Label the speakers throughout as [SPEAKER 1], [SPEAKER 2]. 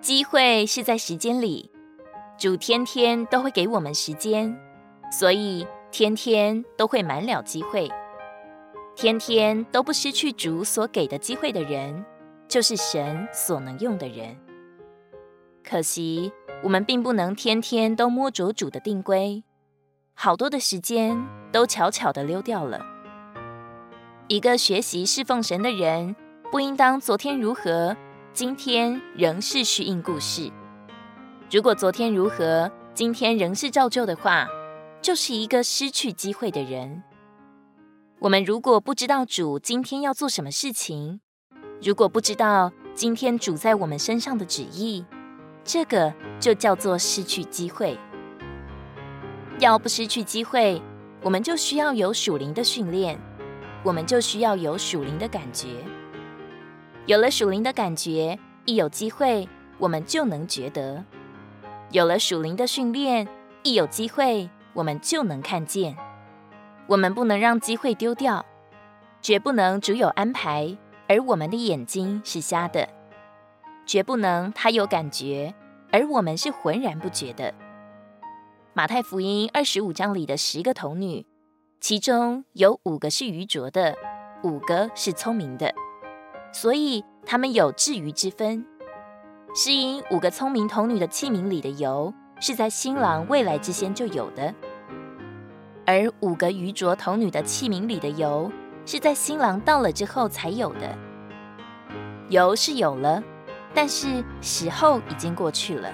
[SPEAKER 1] 機會是在時間裡，主天天都會給我們時間，所以天天都會滿了機會。天天都不失去主所給的機會的人，就是神所能用的人。可惜我們並不能天天都摸着主的定規，好多的時間都悄悄的溜掉了。一個學習侍奉神的人，不應當昨天如何，今天仍是虛應故事。如果昨天如何，今天仍是照舊的話，就是一個失去機會的人。我們如果不知道主今天要做什麼事情，如果不知道今天主在我們身上的旨意，這個就叫做失去機會。要不失去機會，我們就需要有屬靈的訓練，我們就需要有屬靈的感覺。有了屬靈的感覺，一有機會我們就能覺得；有了屬靈的訓練，一有機會我們就能看見。我們不能讓機會丟掉，絕不能只有安排，而我們的眼睛是瞎的；絕不能他有感覺，而我們是渾然不覺的。馬太福音二十五章裡的十個童女，其中有五個是愚拙的，五個是聰明的。所以他們有智愚之分，是因五個聰明童女的器皿裡的油是在新郎未來之先就有的，而五個愚拙童女的器皿裡的油是在新郎到了之後才有的。油是有了，但是時候已經過去了。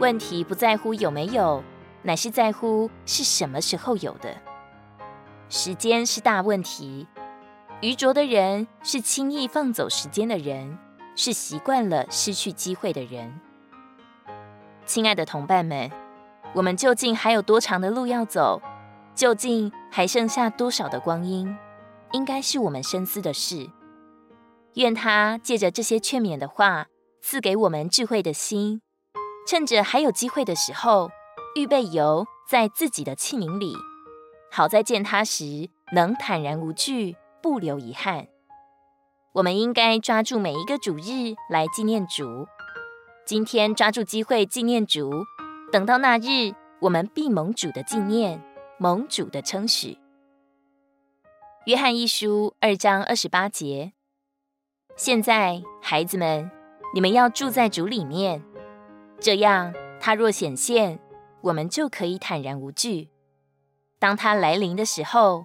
[SPEAKER 1] 問題不在乎有沒有，乃是在乎是什麼時候有的。時間是大問題。愚拙的人是輕易放走時間的人，是習慣了失去機會的人。親愛的同伴們，我們究竟還有多長的路要走？究竟還剩下多少的光陰？應該是我們深思的事。願他借着這些勸勉的話，賜給我們智慧的心，趁着還有機會的時候，預備油在自己的器皿裡，好在見他時能坦然無懼。不留遺憾，我們應該抓住每一個主日來紀念主。今天抓住機會紀念主，等到那日，我們必蒙主的紀念，蒙主的稱許。約翰一書二章二十八節：現在，孩子們，你們要住在主裡面，這樣，他若顯現，我們就可以坦然無懼。當他來臨的時候，